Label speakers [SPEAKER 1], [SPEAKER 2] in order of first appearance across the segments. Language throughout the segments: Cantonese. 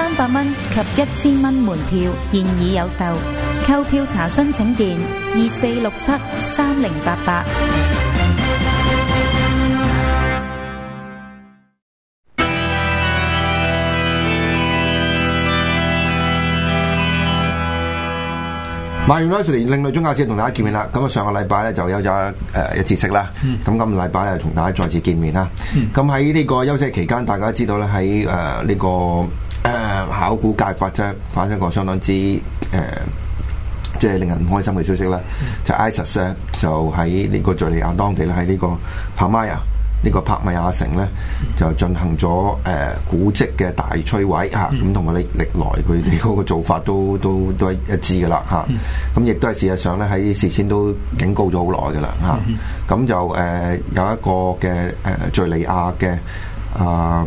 [SPEAKER 1] 三百蚊及一千蚊門票現已有售，購票查詢請電二四六七三零八
[SPEAKER 2] 八。My University，另類宗教史先同大家見面啦。咁啊，上個禮拜咧，就休咗誒一次息啦。咁今個禮拜又同大家再次見面啦。咁喺呢個休息期間，大家知道咧喺誒呢個。誒、嗯、考古界發出發生一個相當之誒，即、呃、係、就是、令人唔開心嘅消息啦。嗯、就 ISIS 咧 IS，就喺呢個敍利亞當地咧，喺呢個帕米亞呢、這個帕米亞城咧，嗯、就進行咗誒、呃、古蹟嘅大摧毀嚇，咁同埋歷歷來佢哋嗰個做法都都都係一致噶啦嚇。咁亦、嗯嗯嗯、都係事實上咧，喺事先都警告咗好耐噶啦嚇。咁、嗯嗯、就誒、呃、有一個嘅誒敍利亞嘅嗯。呃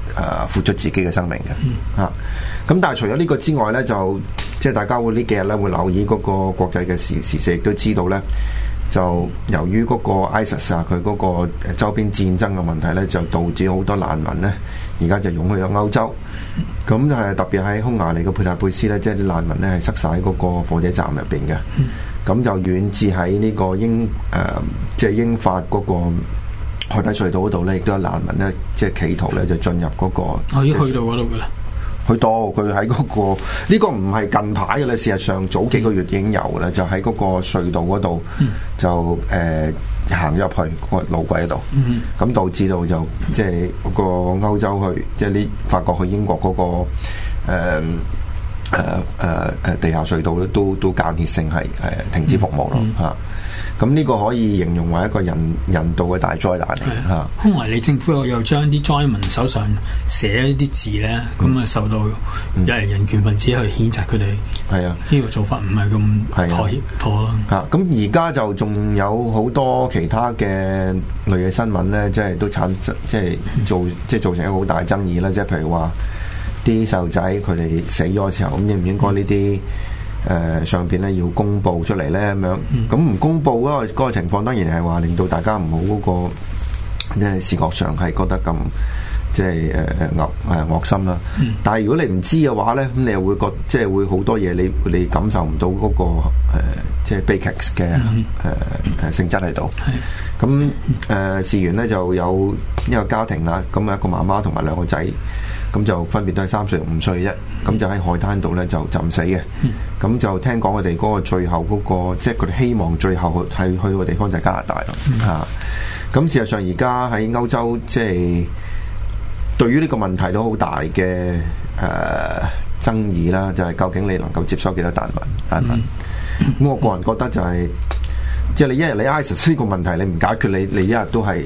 [SPEAKER 2] 誒、啊，付出自己嘅生命嘅吓，咁、嗯啊、但係除咗呢個之外咧，就即係大家會呢幾日咧會留意嗰個國際嘅時時事，亦都知道咧，就由於嗰個 ISIS IS, 啊，佢嗰個周邊戰爭嘅問題咧，就導致好多難民咧，而家就湧去咗歐洲，咁就係特別喺匈牙利嘅布達佩斯咧，即係啲難民咧係塞晒喺嗰個火車站入邊嘅，咁、嗯啊、就遠至喺呢個英誒，即、啊、係、就是、英法嗰、那個。海底隧道嗰度咧，亦都有難民咧，即、就、係、是、企圖咧就進入嗰、那個，可、哦、去到嗰度噶啦。去到在、那個，佢喺嗰個呢個唔係近排嘅咧，事實上早幾個月已經有咧，嗯、就喺嗰個隧道嗰度就誒、嗯呃、行入去個路軌度，咁、嗯、導致到就即係、就是、個歐洲去，即係啲法國去英國嗰、那個誒誒誒地下隧道咧，都都間歇性係誒停止服務咯嚇。嗯嗯咁呢個可以形容為一個人人道嘅大災難嚟嚇。的啊、
[SPEAKER 1] 因為你政府又又將啲災民手上寫一啲字咧，咁啊、嗯、受到有人人權分子去譴責佢哋。係啊、嗯，呢個做法唔係咁妥協的妥咯
[SPEAKER 2] 協。嚇的，咁而家就仲有好多其他嘅類嘅新聞咧、嗯，即係都產生即係做即係造成一個好大爭議啦。即係、嗯、譬如話啲細路仔佢哋死咗嘅時候，咁應唔應該呢啲？嗯誒、呃、上邊咧要公布出嚟咧咁樣，咁唔公布嗰、嗰個情況，當然係話令到大家唔好嗰個誒視覺上係覺得咁即係誒誒惡心啦。嗯、但係如果你唔知嘅話咧，咁你又會覺得即係會好多嘢，你你感受唔到嗰、嗰個、呃、即係悲劇嘅誒性質喺度。咁誒、嗯呃、事緣咧就有一個家庭啦，咁啊一個媽媽同埋兩個仔。咁就分別都係三歲、五歲、一，咁就喺海灘度呢，就浸死嘅。咁就聽講佢哋嗰個最後嗰、那個，即係佢哋希望最後去去去個地方就係加拿大咯咁、嗯啊、事實上而家喺歐洲，即、就、係、是、對於呢個問題都好大嘅誒、呃、爭議啦。就係、是、究竟你能夠接收幾多難民？係咪、嗯？咁、啊、我個人覺得就係、是，即、就、係、是、你一日你 ISIS 個問題你唔解決你，你你一日都係。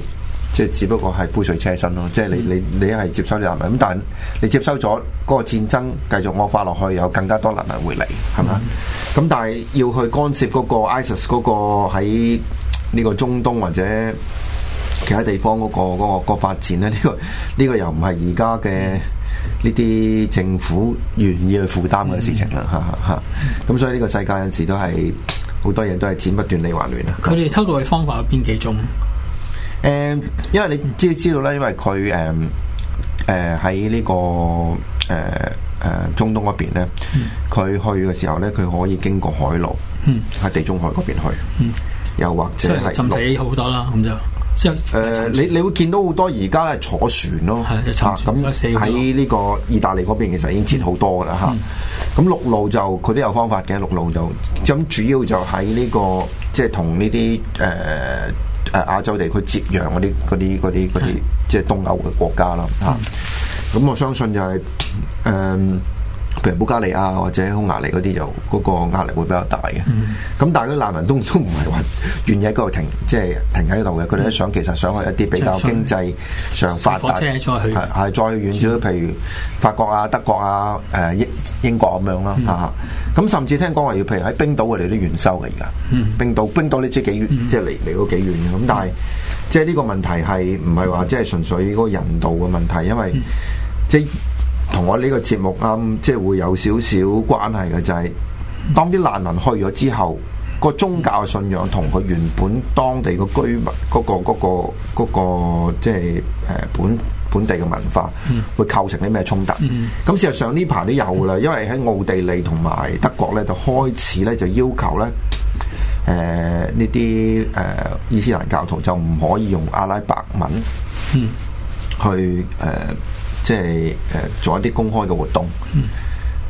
[SPEAKER 2] 即係只不過係杯水車薪咯，即、就、係、是、你你你係接收啲人民，咁但係你接收咗嗰個戰爭繼續惡化落去，有更加多人民會嚟，係嘛？咁、嗯、但係要去干涉嗰個 ISIS 嗰 IS 個喺呢個中東或者其他地方嗰、那個嗰、那個發展咧，呢、這個呢、這個又唔係而家嘅呢啲政府願意去負擔嘅事情啦，嚇嚇嚇！咁、嗯嗯、所以呢個世界有時候都係好多嘢都係剪不斷理還亂啊！
[SPEAKER 1] 佢哋偷渡嘅方法有邊幾種？
[SPEAKER 2] 誒，因為你知知道咧，因為佢誒誒喺呢個誒誒、呃、中東嗰邊咧，佢、嗯、去嘅時候咧，佢可以經過海路，喺、嗯、地中海嗰邊去，
[SPEAKER 1] 嗯、又或者係。浸死好多啦，咁就。
[SPEAKER 2] 誒，你你會見到好多而家係坐船咯，咁喺呢個意大利嗰邊其實已經節好多噶啦嚇。咁陸、嗯啊、路就佢都有方法嘅，陸路就咁主要就喺呢、這個即係同呢啲誒。就是誒亞洲地區，接壤嗰啲嗰啲嗰啲嗰啲，嗯、即係東歐嘅國家啦吓，咁、嗯、我相信就係、是、誒。嗯保加利亞或者匈牙利嗰啲就嗰個壓力會比較大嘅，咁但係啲難民都都唔係話願意喺嗰度停，即係停喺度嘅，佢哋想其實想去一啲比較經濟上發達，係係再遠咗，譬如法國啊、德國啊、誒英英國咁樣咯，嚇咁甚至聽講話要譬如喺冰島佢哋都遠收願收嘅而家，冰島冰島你知幾遠，即係離離到幾遠咁，但係即係呢個問題係唔係話即係純粹嗰個人道嘅問題，因為即係。同我呢個節目啱，即係會有少少關係嘅就係，當啲難民去咗之後，個宗教嘅信仰同佢原本當地嘅居民嗰個嗰個嗰個即係誒本本地嘅文化，會構成啲咩衝突？咁事實上呢排都有啦，因為喺奧地利同埋德國呢，就開始呢，就要求咧，誒呢啲誒伊斯蘭教徒就唔可以用阿拉伯文去誒。嗯呃即係誒做一啲公開嘅活動，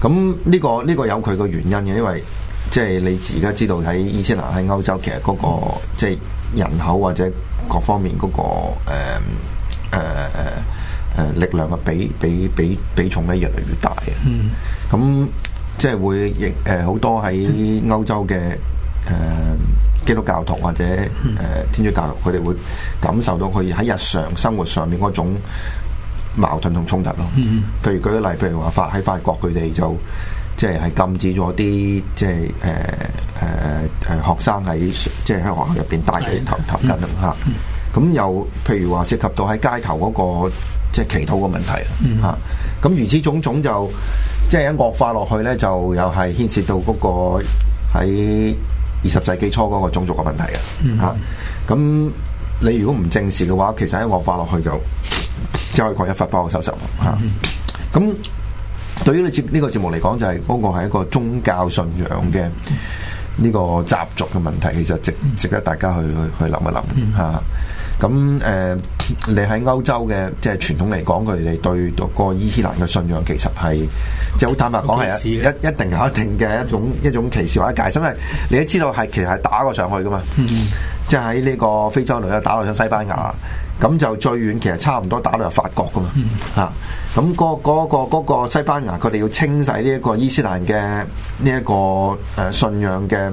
[SPEAKER 2] 咁呢、呢個呢、呢個有佢個原因嘅，因為即係你而家知道喺伊斯蘭喺歐洲，其實嗰個即係人口或者各方面嗰、嗰個誒誒、呃呃、力量嘅比比比比重咧越嚟越大嘅，咁即係會亦誒好多喺歐洲嘅誒、嗯、基督教徒或者誒天主教徒，佢哋會感受到佢喺日常生活上面嗰種矛盾同衝突咯，譬如舉個例，譬如話法喺法國，佢哋就即係禁止咗啲即係誒誒誒學生喺即係喺學校入邊帶嘅頭頭巾啦嚇。咁又譬如話涉及到喺街頭嗰個即係祈禱嘅問題啦嚇。咁的如此種種就即係喺惡化落去咧，就又係牽涉到嗰個喺二十世紀初嗰個種族嘅問題的啊嚇。咁你如果唔正視嘅話，其實喺惡化落去就。即以佢一發包我收十，咁、嗯啊、對於呢呢個節目嚟講，就係嗰個係一個宗教信仰嘅呢個習俗嘅問題，其實值值得大家去去去諗一諗咁、嗯啊呃、你喺歐洲嘅即係傳統嚟講，佢哋對個伊斯蘭嘅信仰其實係即係好坦白講係一一定有一定嘅一種一種歧視或者解釋，因為你都知道係其實係打過上去㗎嘛，嗯、即係喺呢個非洲來啦，打落咗西班牙。咁就最遠，其實差唔多打到入法國噶嘛，嚇、嗯啊！咁、嗰、嗰個、嗰個、嗰個西班牙，佢哋要清洗呢一個伊斯蘭嘅呢一個、呃、信仰嘅、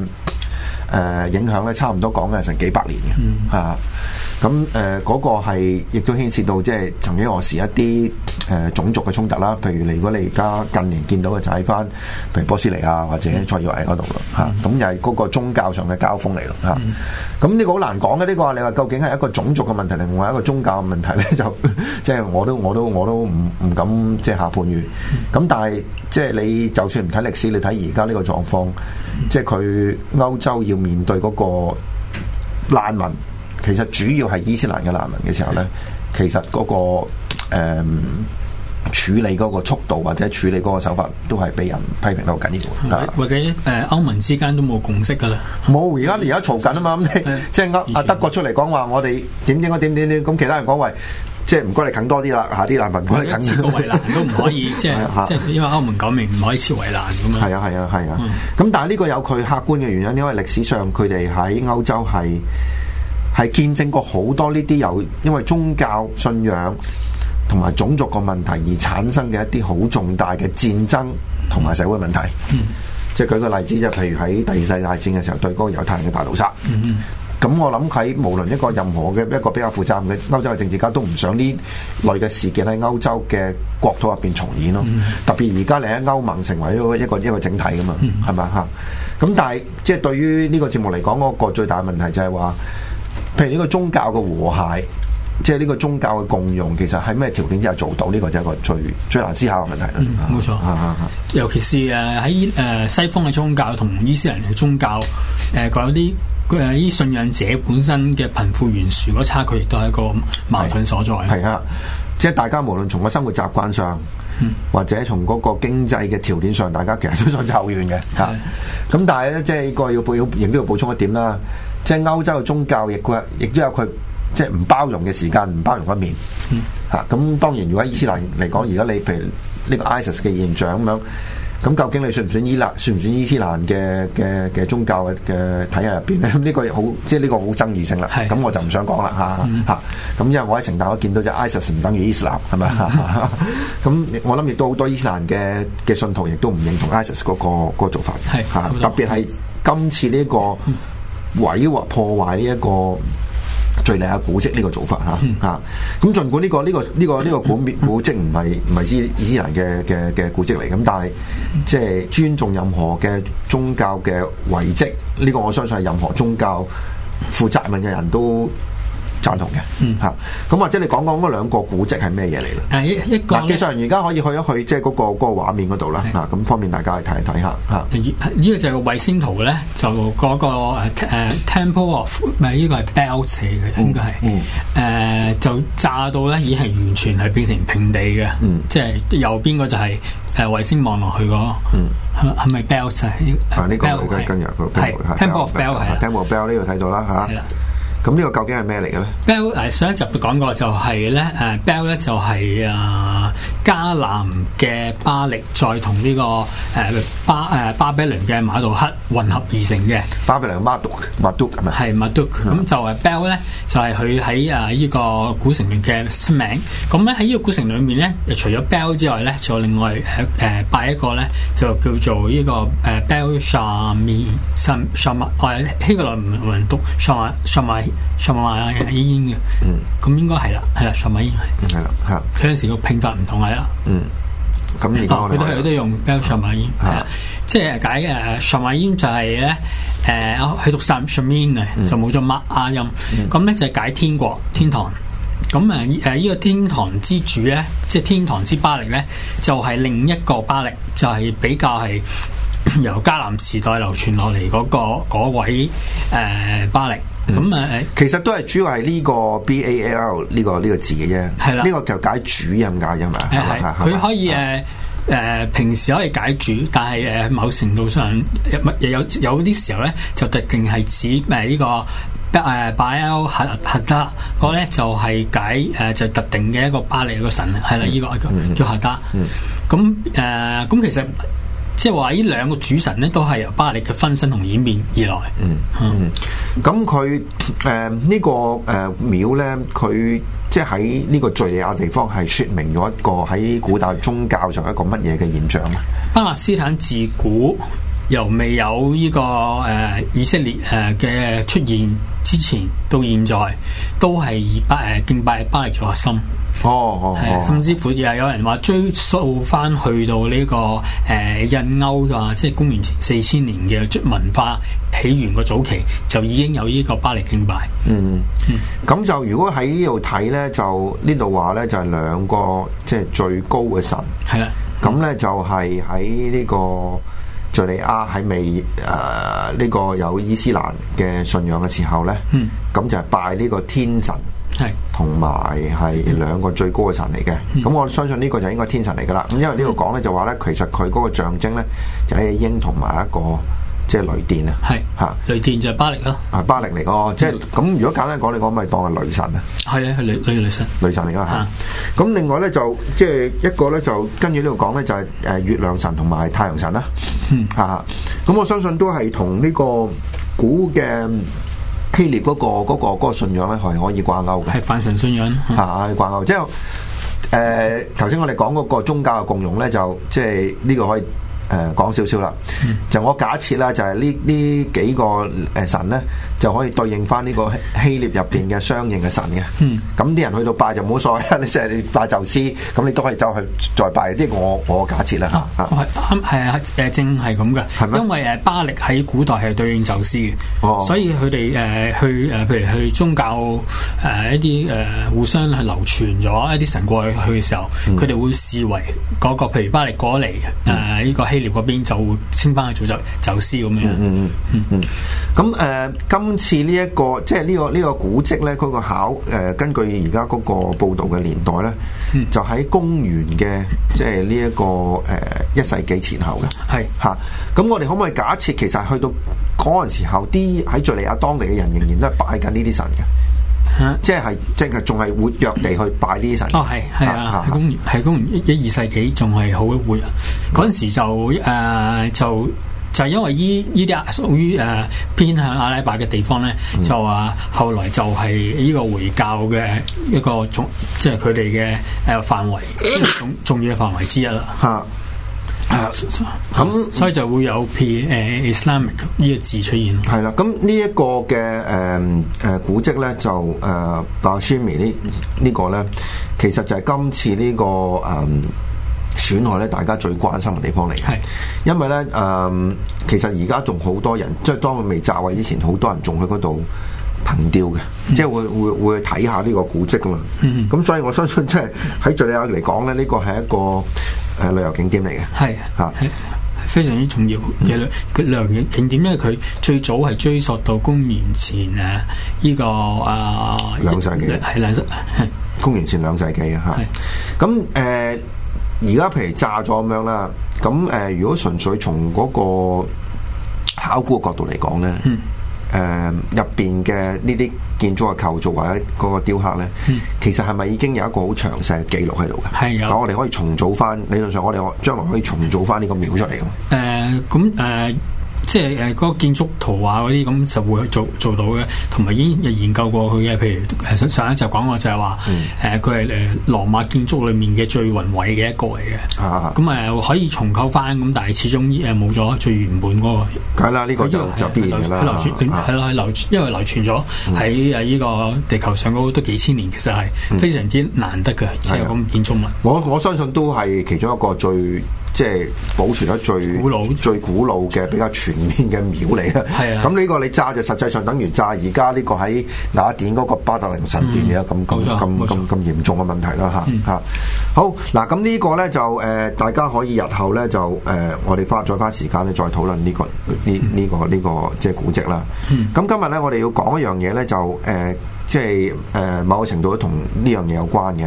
[SPEAKER 2] 呃、影響咧，差唔多講緊係成幾百年嘅、啊，啊咁誒嗰個係亦都牽涉到即係曾經何時一啲誒、呃、種族嘅衝突啦，譬如你如果你而家近年見到嘅就喺、是、翻譬如波斯尼亞或者塞爾維亞嗰度咯嚇，咁又係嗰個宗教上嘅交鋒嚟咯嚇。咁呢、嗯嗯、個好難講嘅，呢、這個你話究竟係一個種族嘅問題，另外一個宗教嘅問題咧，就即係 我都我都我都唔唔敢即係下判語。咁、嗯、但係即係你就算唔睇歷史，你睇而家呢個狀況，嗯、即係佢歐洲要面對嗰個難民。其實主要係伊斯蘭嘅難民嘅時候咧，其實嗰個誒處理嗰個速度或者處理嗰個手法都係畀人批評得好緊要。或者誒歐盟之間都冇共識㗎啦。冇，而家而家嘈緊啊嘛。即係啊德國出嚟講話，我哋點點點點點。咁其他人講，喂，即係唔該你近多啲啦。嚇啲難民唔可以近。切個圍欄都唔可以，即係嚇。因為歐盟講明唔可以切圍欄咁啊。係啊係啊係啊。咁但係呢個有佢客觀嘅原因，因為歷史上佢哋喺歐洲係。係見證過好多呢啲有，因為宗教信仰同埋種族個問題而產生嘅一啲好重大嘅戰爭同埋社會問題。即係、嗯、舉個例子就譬如喺第二次大戰嘅時候對嗰個猶太人嘅大屠殺。咁、嗯嗯、我諗佢無論一個任何嘅一個比較負責任嘅歐洲嘅政治家都唔想呢類嘅事件喺歐洲嘅國土入邊重演咯。嗯、特別而家你喺歐盟成為一個一個整體噶嘛，係咪吓？咁但係即係對於呢個節目嚟講，我、嗰個最大的問題就係話。譬如呢個宗教嘅和諧，即係呢個宗教嘅共融，其實喺咩條件之下做到呢？這個，就係一個最最難思考嘅問題啦。冇錯、嗯，
[SPEAKER 1] 錯啊，尤其是誒喺誒西方嘅宗教同伊斯蘭嘅宗教，誒、呃，有啲佢啊啲信仰者本身嘅貧富懸殊嗰差距，亦都係一個矛
[SPEAKER 2] 盾所在。係啊，即係大家無論從個生活習慣上，嗯、或者從嗰個經濟嘅條件上，大家其實都想湊遠嘅吓。咁的、啊、但係咧，即係個要補都要補充一點啦。即係歐洲嘅宗教亦亦都有佢即係唔包容嘅時間，唔包容嘅面。吓咁、嗯，啊、當然如果喺伊斯蘭嚟講，而家你譬如呢個 ISIS 嘅現象咁樣，咁究竟你算唔算，算，算伊斯蘭？算唔算伊斯蘭嘅嘅嘅宗教嘅體系入邊咧？咁、嗯、呢、這個好，即係呢個好爭議性啦。係是。咁我就唔想講啦吓吓。咁、啊嗯啊、因為我喺城大，我見到就 ISIS 唔 IS 等於伊斯蘭，係咪吧？咁、嗯啊、我諗亦都好多伊斯蘭嘅嘅信徒亦都唔認同 ISIS 嗰 IS、那個、那個做法。係。吓，特別係今次呢、這個。嗯毀或破壞呢一個最靚嘅古蹟呢個做法吓、嗯、啊！咁盡管呢、呢個呢、呢個呢、呢個呢、呢個古、嗯嗯、古蹟唔係唔係之人嘅嘅嘅古蹟嚟，咁但係即係尊重任何嘅宗教嘅遺蹟，呢、呢個我相信係任何宗教負責任嘅人都贊同嘅，嗯嚇，咁或者你講講嗰兩個古跡係咩嘢嚟啦？誒一一個，其實而家可以去一去，即係嗰個畫面嗰度啦，咁方便大家去睇一睇下。呢
[SPEAKER 1] 個就係個衛星圖咧，就嗰個 Temple of 唔係呢個係 Bell 嘅，應該係，就炸到咧已係完全係變成平地嘅，嗯，即係右邊個就係衛星望落去個，
[SPEAKER 2] 嗯，
[SPEAKER 1] 係咪 Bell
[SPEAKER 2] 呢個我跟日個 Temple of Bell Temple of Bell 呢度睇到啦。咁呢個究竟係咩嚟嘅咧？Bell 誒上一集講過就
[SPEAKER 1] 係咧、啊、Bell 咧就係、是啊、迦南嘅巴力再同呢、這個、啊、巴誒、啊、巴比倫嘅馬杜克混合而成嘅。巴比倫馬杜馬杜係馬杜，咁就係 Bell 咧就係佢喺啊呢個古城嘅名。咁咧喺呢個古城裏面咧，除咗 Bell 之外咧，仲有另外誒、啊啊、拜一個咧，就叫做呢、這個誒 Bel Shamim Sham Shamim 希伯來文，文讀 Sham 上文啊，煙嘅、嗯，嗯，咁應該係啦，係啦，上文煙係，係啦，係啦，有陣時個拼法唔同係啦，嗯，
[SPEAKER 2] 咁如果佢都係都
[SPEAKER 1] 用比較、嗯啊、上文煙、就是，係即係解誒上文煙就係咧誒，係讀 s o m 嘅，就冇咗乜啊音，咁咧、嗯、就係解天國天堂，咁、嗯嗯嗯、啊誒呢、這個天堂之主咧，即係天堂之巴力咧，就係另一個巴力，就係、是、比較係由迦南時代流傳落嚟嗰個嗰、那個那個、位誒、呃、巴力。咁
[SPEAKER 2] 其實都係主要係呢個 B A L 呢個呢個字嘅啫，係啦，呢個就解主咁解啫嘛。係係，佢
[SPEAKER 1] 可以誒誒，平時可以解主，但係誒某程度上，有有啲時候咧，就特定係指誒呢個誒 B A L 核核德，咧就係解誒就特定嘅一個巴利一個神，係啦，呢個叫叫核德。咁誒，咁其實。即係話呢兩個主神咧，都係由巴力嘅分身同演變而來嗯。
[SPEAKER 2] 嗯，咁佢誒呢個誒廟咧，佢即係喺呢個敘利亞地方係說明咗一個喺古代宗教上一個乜嘢嘅現象。
[SPEAKER 1] 巴勒斯坦自古由未有呢、這個誒、呃、以色列誒嘅出現之前到現在，都係以巴誒敬拜巴力做核心。哦，係、哦哦、甚至乎又有人話追溯翻去到呢個誒印歐啊，即、就、係、是、公元前四千年嘅文化起源嘅早期，就已經有呢個巴力敬拜。嗯，
[SPEAKER 2] 咁、嗯、就如果喺呢度睇呢，就呢度話呢，就係、是、兩個即係、就是、最高嘅神。係啦的，咁咧、嗯、就係喺呢個敘利亞喺未誒呢、呃這個有伊斯蘭嘅信仰嘅時候呢，咁、嗯、就係拜呢個天神。係，同埋係兩個最高嘅神嚟嘅，咁我相信呢個就應該天神嚟噶啦。咁因為呢度講咧就話咧，其實佢嗰個象徵咧就係鷹同埋一個即係雷電啊。係，吓雷電就係巴力啦啊，巴力嚟哦，即係咁。如果簡單講，你講咪當係雷神啊。係啊，係雷雷神，雷神嚟噶吓。咁另外咧就即係一個咧就跟住呢度講咧就係誒月亮神同埋太陽神啦。吓，咁我相信都係同呢個古嘅。希臘嗰、那個嗰、那個嗰、那個信仰咧，係可以掛鈎嘅，係泛神信仰嚇、嗯啊、掛鈎，即係誒頭先我哋講嗰個宗教嘅共融咧，就即係呢個可以誒、呃、講少少啦。嗯、就我假設啦，就係呢呢幾個誒神咧。就可以對應翻呢個希臘入邊嘅相應嘅神嘅。咁啲人去到拜就冇所謂啦，你淨係你拜宙斯，咁你都可以走去再拜。呢個我我假設啦嚇。
[SPEAKER 1] 我係係啊，誒正係咁嘅。因為誒巴力喺古代係對應宙斯嘅。所以佢哋誒去誒，譬如去宗教誒一啲誒互相係流傳咗一啲神過去去嘅時候，佢哋會視為嗰個譬如巴力過嚟誒呢個希臘嗰邊就會稱翻佢做宙宙斯咁樣。嗯，
[SPEAKER 2] 咁誒今今次呢一個即係呢、這個呢、這個古蹟咧，嗰個考誒、呃、根據而家嗰個報導嘅年代咧，嗯、就喺公元嘅即係呢一個誒、呃、一世紀前後嘅。係嚇是，咁、啊、我哋可唔可以假設其實去到嗰陣時候，啲喺敍利亞當地嘅人仍然都係拜緊呢啲神嘅、啊，即係即係仲係活躍地去拜呢啲神。哦，係係啊，喺、
[SPEAKER 1] 啊、公元喺公元一二世紀仲係好活，嗰陣、嗯、時就誒、呃、就。就係因為依依啲屬於誒偏向阿拉伯嘅地方咧，就話後來就係呢個回教嘅一個重，即係佢哋嘅誒範圍，一種重要嘅範圍之一啦。嚇，咁所以
[SPEAKER 2] 就會有 P 誒、啊、Islamic 呢個字出現。係啦，咁呢一個嘅誒誒古蹟咧，就誒 a s h m m y 呢呢個咧，其實就係今次呢、呢個誒。呃損害咧，大家最關心嘅地方嚟嘅。係，因為咧，誒，其實而家仲好多人，即係當佢未炸位之前，好多人仲去嗰度憑弔嘅，即係會會會睇下呢個古蹟嘛。咁、嗯、所以我相信，即係喺敘利亞嚟講咧，呢個係一個誒旅遊景點嚟嘅。係，係
[SPEAKER 1] 非常之重要嘅旅遊景點，因為佢最早係追溯到公元前、這個、啊，呢個啊兩世紀係兩世
[SPEAKER 2] 紀，公元前兩世紀啊，吓。咁誒是。而家譬如炸咗咁樣啦，咁誒，如果純粹從嗰個考古嘅角度嚟講咧，誒、嗯，入邊嘅呢啲建築嘅構造或者嗰個雕刻咧，嗯、其實係咪已經有一個好詳細嘅記錄喺度嘅？係啊，咁我哋可以重組翻。理論上，我哋可將來可以重組翻呢個廟出嚟嘅。
[SPEAKER 1] 誒、呃，咁誒。呃即係嗰個建築圖啊嗰啲咁就會做做到嘅，同埋已經研究過佢嘅。譬如上一集講過就係話佢係誒羅馬建築裏面嘅最宏偉嘅一個嚟嘅。咁、啊、可以重構翻咁，但係始終冇咗最原本嗰
[SPEAKER 2] 個。係啦，呢、呢個就為就變啦。係啦
[SPEAKER 1] 傳，係、啊、流，因為流傳咗喺呢依個地球上嗰度幾千年，其實係非常之難得嘅，即係咁
[SPEAKER 2] 建築物。我我相信都係其中一個最。即係保存咗最古老最古老嘅比較全面嘅廟嚟啦。係啊的，咁呢個你炸就實際上等於炸而家呢個喺雅典嗰個巴特林神殿咁咁咁咁咁嚴重嘅問題啦吓！嚇、嗯啊。好嗱，咁呢個咧就誒、呃、大家可以日後咧就誒、呃、我哋花再花時間咧再討論呢、這個呢呢、嗯這個呢、這個即係、就是、古跡啦。咁、嗯、今日咧我哋要講一樣嘢咧就誒。呃即係誒、呃、某個程度都同呢樣嘢有關嘅，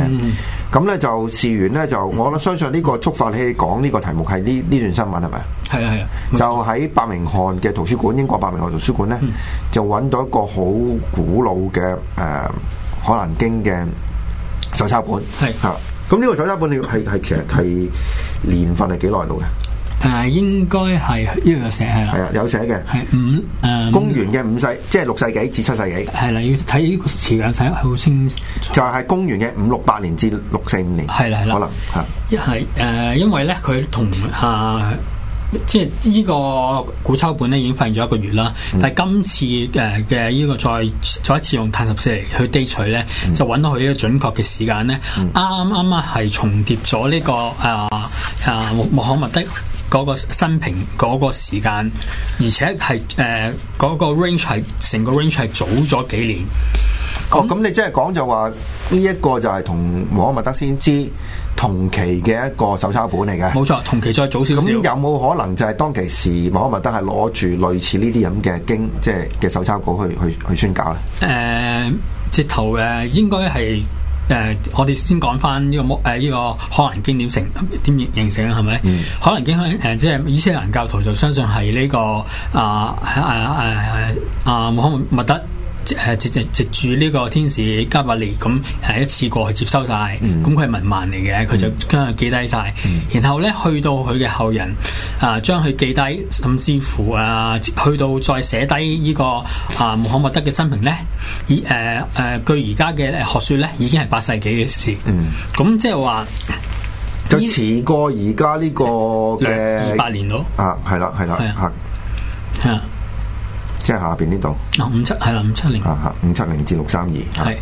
[SPEAKER 2] 咁咧、嗯、就事緣咧就，嗯、我覺得相信呢個觸發器講呢個題目係呢呢段新聞係咪？係啊係啊，就喺伯明翰嘅圖書館，英國伯明翰圖書館咧，嗯、就揾到一個好古老嘅誒《可蘭經》嘅手抄本，係嚇的。咁呢個手抄本咧係係其實係年份係幾耐到嘅？
[SPEAKER 1] 誒應該係呢個寫係啦，係啊，有寫嘅係五誒。嗯、公元嘅五世，
[SPEAKER 2] 即係六世紀至七世紀係啦。要睇呢個時間睇好清正，就係公元嘅五六八年至六四五年係啦係啦，可能
[SPEAKER 1] 嚇一係誒，因為咧佢同啊即係呢個古抄本咧已經發現咗一個月啦，嗯、但係今次誒嘅呢個再再一次用碳十四嚟去 date 取咧，嗯、就揾到佢呢個準確嘅時間咧，啱啱啱啱係重疊咗呢、呢個誒誒穆罕默德。啊啊啊嗰個新評嗰、那個時間，而且係誒嗰個 range 係，
[SPEAKER 2] 成個 range 係早咗幾年。哦，咁那，你、嗯、即係講就話呢一個就係同摩麥德先知同期嘅一個手抄本嚟嘅。冇錯，同期再早少少。咁有冇可能就係當其時摩麥德係攞住類似呢啲咁嘅經，即係嘅手抄稿去去去宣教咧？
[SPEAKER 1] 誒、呃，截圖誒應該係。呃、我哋先講翻呢個呢、呃這個、可蘭經典性點認形成係咪？嗯、可蘭經香誒、呃，即係伊斯蘭教徒就相信係呢、這個啊誒誒誒啊，啊，啊，啊穆罕默德誒直直住呢個天使加百利咁誒一次過去接收晒。咁佢係文盲嚟嘅，佢就將佢記低晒。嗯、然後咧去到佢嘅後人啊，將佢記低，甚至乎啊去到再寫低、這個啊、呢個啊穆罕默德嘅生平咧。以誒誒、啊啊啊、據而家嘅學説咧，已經係八世紀嘅
[SPEAKER 2] 事。嗯，咁即係話就遲過而家呢個嘅二百年咯。啊，係啦，係啦，係啊。即係下邊呢度，五七係啦，五七零，啊，五七零至六三二，係，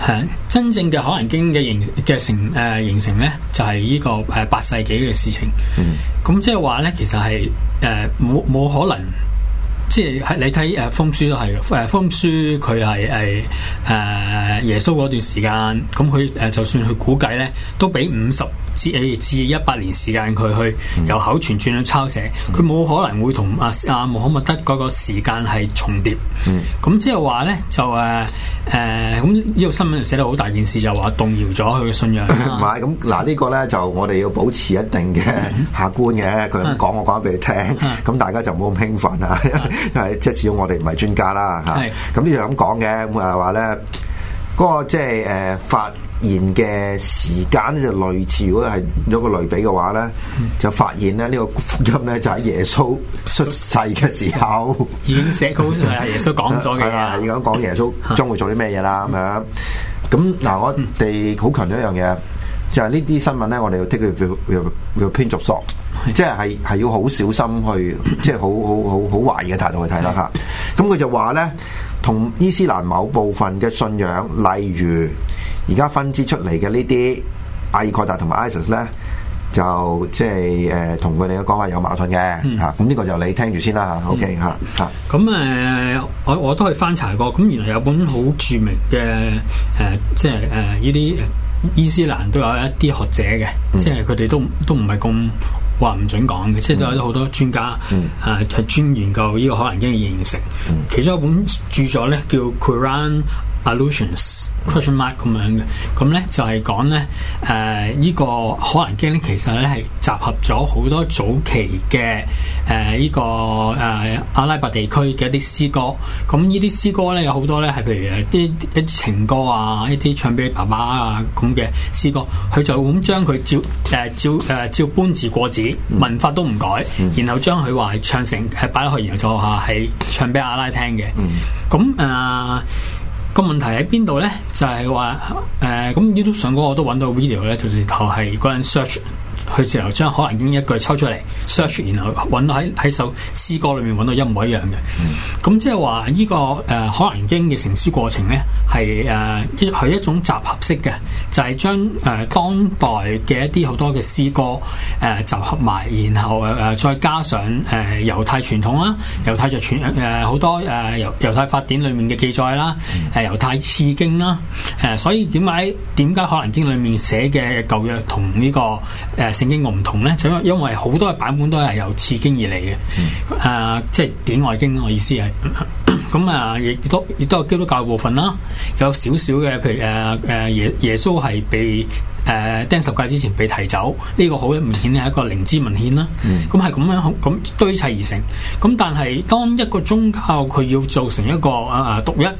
[SPEAKER 2] 係
[SPEAKER 1] 真正嘅可蘭經嘅形嘅成誒形成咧，就係呢個誒八世紀嘅事情。嗯，咁即係話咧，其實係誒冇冇可能，即係你睇誒封書都係誒封書佢係誒耶穌嗰段時間，咁佢誒就算佢估計咧，都俾五十至一百年時間，佢去由口傳傳去抄寫，佢冇可能會同阿阿穆罕默德嗰個時間係重疊。咁即係話咧，就誒誒，咁呢個新聞寫得好大件事，就話動搖咗佢嘅信仰。唔係，咁
[SPEAKER 2] 嗱呢個咧就我哋要保持一定嘅客觀嘅。佢講我講俾你聽，咁大家就唔好咁興奮啊！因係即係，始終我哋唔係專家啦嚇。咁呢度咁講嘅，唔係話咧嗰個即係誒法現嘅時間就類似。如果係有個類比嘅話咧，嗯、就發現咧呢個福音咧就喺、是、耶穌出世嘅時候已
[SPEAKER 1] 經 寫好，係耶穌講咗
[SPEAKER 2] 嘅。係 啦，係咁講耶穌將會做啲咩嘢啦？咁樣咁嗱，我哋好強調一樣嘢就係呢啲新聞咧，我哋要剔佢要要要編續索，即係係要好小心去，即係好好好好懷疑嘅態度去睇啦。嚇咁佢就話咧，同伊斯蘭某部分嘅信仰，例如。而家分支出嚟嘅呢啲阿爾蓋達同埋 ISIS 咧，就即係誒同佢哋嘅講法有矛盾嘅嚇。咁呢、嗯啊、個就你聽住先啦嚇。嗯、OK 嚇、啊、嚇。
[SPEAKER 1] 咁誒、嗯呃，我我都可以翻查過。咁原來有本好著名嘅誒、呃，即係誒呢啲伊斯蘭都有一啲學者嘅，嗯、即係佢哋都都唔係咁話唔準講嘅。嗯、即係都有好多專家啊，係、嗯呃、專研究呢個可蘭經嘅形成。嗯、其中一本著作咧叫《Quran》。《Allusions l Question Mark、嗯》咁樣嘅，咁咧就係、是、講咧誒依個《可能經可蘭經》其實咧係集合咗好多早期嘅誒依個誒、呃、阿拉伯地區嘅一啲詩歌。咁呢啲詩歌咧有好多咧係譬如誒啲一啲情歌啊，一啲唱俾爸爸啊咁嘅詩歌，佢就咁將佢照誒照誒照搬字過紙，嗯、文法都唔改、嗯然將說，然後將佢話係唱成係擺落去然後就下係唱俾阿拉聽嘅。咁誒、嗯。個問題喺邊度咧？就係、是、話誒咁，呃，YouTube 上個我都揾到個 video 咧，就係靠係嗰陣 search 去自由將可能已經一句抽出嚟。search 然後揾到喺喺首詩歌裏面揾到一模一樣嘅，咁、嗯、即係話呢個誒、呃、可蘭經嘅成書過程咧，係誒一係一種集合式嘅，就係、是、將誒、呃、當代嘅一啲好多嘅詩歌誒、呃、集合埋，然後誒誒、呃、再加上誒、呃、猶太傳統啦，猶太就傳誒好多誒猶、呃、猶太法典裏面嘅記載啦，誒、呃、猶太詩經啦，誒、呃、所以點解點解《可蘭經》裏面寫嘅舊約同、這個呃、經的不同呢個誒聖經我唔同咧？就因為因為好多嘅版本。本都係由次經而嚟嘅，嗯、啊，即係典外經，我意思係，咁啊，亦都亦都有基督教部分啦，有少少嘅，譬如誒誒，耶耶穌係被誒釘、呃、十架之前被提走，呢、這個好明顯係一個靈知文獻啦，咁係咁樣咁堆砌而成，咁但係當一個宗教佢要做成一個啊獨一。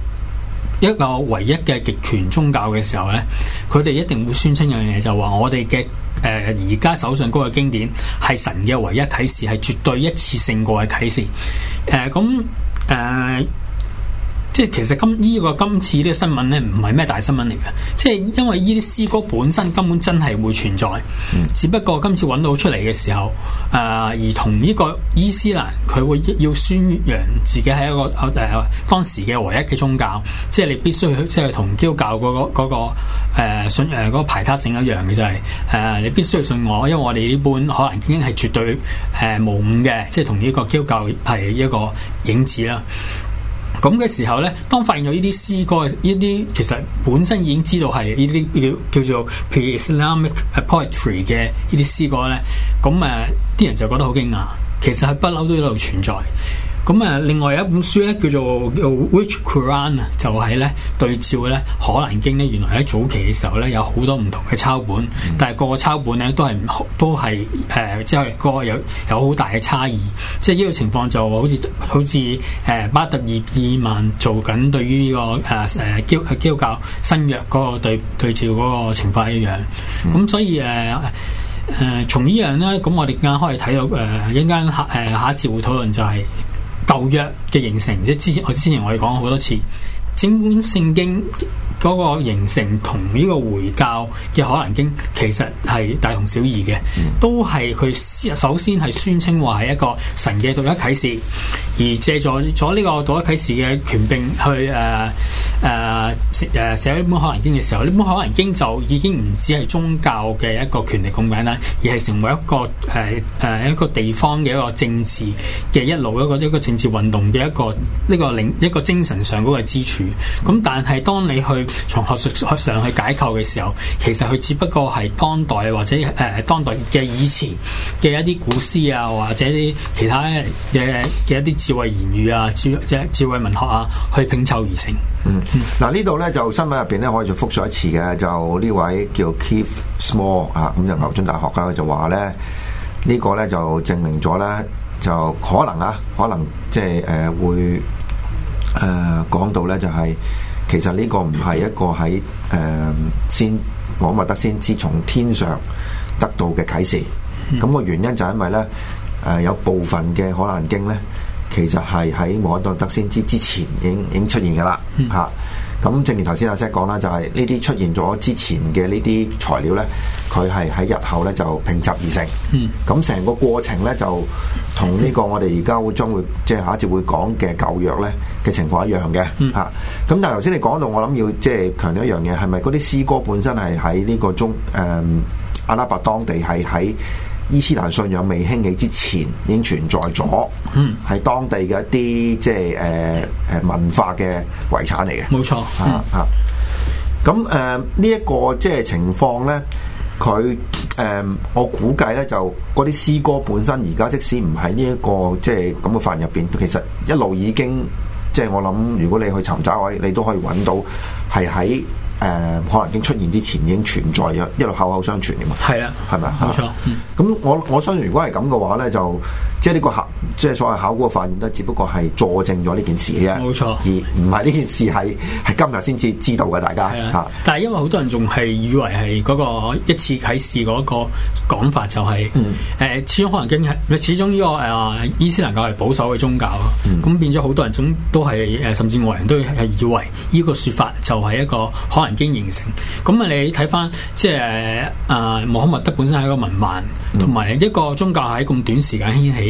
[SPEAKER 1] 一個唯一嘅極權宗教嘅時候呢，佢哋一定會宣稱一樣嘢，就話、是、我哋嘅誒而家手上嗰個經典係神嘅唯一啟示，係絕對一次性過嘅啟示。咁、呃、誒。即係其實今依個今次呢個新聞咧，唔係咩大新聞嚟嘅。即係因為呢啲詩歌本身根本真係會存在，只不過今次揾到出嚟嘅時候，誒、呃、而同呢個伊斯蘭佢會要宣揚自己係一個誒、呃、當時嘅唯一嘅宗教。即係你必須去即係同基督教嗰、那個、那個誒、呃、信誒、呃那個排他性一樣嘅就係、是、誒、呃、你必須信我，因為我哋呢本可能已經係絕對誒、呃、無誤嘅，即係同呢個基督教係一個影子啦。咁嘅時候呢，當發現咗呢啲詩歌，呢啲其實本身已經知道係呢啲叫叫做 pre-Islamic poetry 嘅呢啲詩歌呢，咁誒啲人就覺得好驚訝，其實係不嬲都一路存在。咁啊，另外有一本書咧，叫做《Which Quran》啊，就係、是、咧對照咧《可蘭經》咧，原來喺早期嘅時候咧有好多唔同嘅抄本，嗯、但係個個抄本咧都係唔都係誒，即係嗰個有有好大嘅差異。即係呢個情況就好似好似誒、呃、巴特葉爾曼做緊對於呢、這個誒誒、呃、基督教教新約嗰個對照嗰個情況一樣。咁、嗯、所以誒誒、呃呃，從呢樣咧，咁我哋啱開睇到誒一陣間下下一節會討論就係、是。舊約嘅形成，即之前我之前我哋講過好多次，整本聖經，嗰個形成同呢個回教嘅可蘭經其實係大同小異嘅，都係佢首先係宣稱話係一個神嘅道德啟示，而借助咗呢個道德啟示嘅權柄去誒誒誒寫呢本可蘭經嘅時候，呢本可蘭經就已經唔止係宗教嘅一個權力共產啦，而係成為一個誒誒、啊啊、一個地方嘅一個政治嘅一路一個一個政治運動嘅一個呢個另一個精神上嗰個支柱。咁但係當你去從學術上去解構嘅時候，其實佢只不過係當代或者誒、呃、當代嘅以前嘅一啲古詩啊，或者啲其他嘅嘅一啲智慧言語啊，智即係智慧文學啊，
[SPEAKER 2] 去拼湊而成。嗯，嗱、嗯嗯啊、呢度咧就新聞入邊咧，我哋就複述一次嘅，就呢位叫 Keith Small 啊，咁、嗯啊、就牛津大學家就話咧，這個、呢個咧就證明咗咧，就可能啊，可能即係誒會誒講到咧就係、是。其實呢個唔係一個喺誒、呃、先講穆罕默德先知，知從天上得到嘅啟示。咁、嗯、個原因就係因為咧，誒、呃、有部分嘅《可蘭經》咧，其實係喺講穆罕默德先知之前已經已經出現㗎啦，嚇、嗯。啊。咁正如頭先阿 Sir 講啦，就係呢啲出現咗之前嘅呢啲材料咧，佢係喺日後咧就拼集而成。咁成、嗯、個過程咧就同呢個我哋而家會將會即係、就是、下一節會講嘅舊約咧嘅情況一樣嘅嚇。咁、嗯啊、但係頭先你講到我諗要即係、就是、強調一樣嘢，係咪嗰啲詩歌本身係喺呢個中誒、嗯、阿拉伯當地係喺，伊斯蘭信仰未興起之前，已經存在咗，係、嗯、當地嘅一啲即係誒誒文化嘅遺產嚟嘅。冇錯，嚇、嗯、嚇。咁誒呢一個即係情況咧，佢誒、呃、我估計咧就嗰啲詩歌本身，而家即使唔喺呢一個即係咁嘅範入邊，就是、面其實一路已經即係、就是、我諗，如果你去尋找位，你都可以揾到係喺。誒、呃，可能已經出現之前已經存在咗一路口口相傳嘅嘛。係啊，係咪啊？冇錯，咁我我相信如果係咁嘅話咧，就。即係、這、呢個考，即係所謂考古嘅發現都只不過係佐證咗呢件事啫，冇錯。而唔係呢件事係係今日先至知道嘅，大家嚇。是的啊、
[SPEAKER 1] 但係因為好多人仲係以為係嗰個一次啟示嗰個講法、就是，就係誒始終可蘭經係，始終呢、這個誒伊斯蘭教係保守嘅宗教咯。咁、嗯、變咗好多人總都係誒，甚至外人都係以為呢個説法就係一個可蘭經形成。咁啊，你睇翻即係啊，穆罕默德本身係一個文盲，同埋、嗯、一個宗教喺咁短時間興起。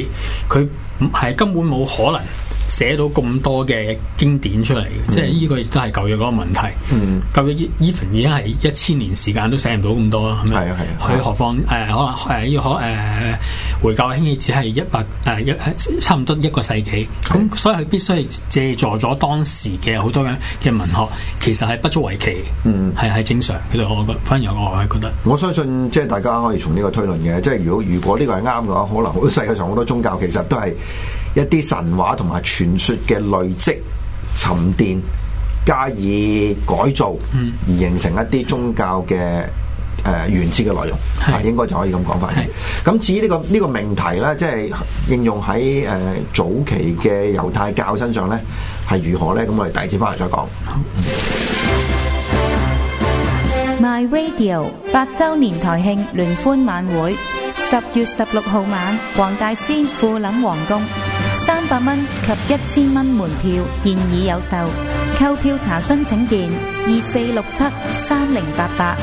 [SPEAKER 1] 佢唔係根本冇可能。寫到咁多嘅經典出嚟，即係呢個亦都係舊約嗰個問題。嗯，舊約 even 已經係一千年時間都寫唔到咁多啦，係咪、嗯？係嗎啊係。佢、啊、何況況誒，可能誒要可誒回教興起只係一百誒一、啊、差唔多一個世紀，咁、啊、所以佢必須係借助咗當時嘅好多嘅文學，其實係不足為奇。
[SPEAKER 2] 嗯，
[SPEAKER 1] 係係正常。其實我覺反而我我係覺得，
[SPEAKER 2] 我相信即係大家可以從呢個推論嘅，即係如果如果呢個係啱嘅話，可能好世界上好多宗教其實都係。一啲神話同埋傳説嘅累積、沉澱，加以改造，而形成一啲宗教嘅誒、呃、原始嘅內容，應是的 應該就可以咁講法。咁是的 至於呢個、呢個命題呢，即係應用喺、呃、早期嘅猶太教身上呢係如何呢？咁我哋第二節翻嚟再講。
[SPEAKER 1] 好 My Radio 八週年台慶聯歡晚會，十月十六號晚，黃大仙富林皇宮。三百蚊及一千蚊門票現已有售，購票查詢請電二四六七三零八八。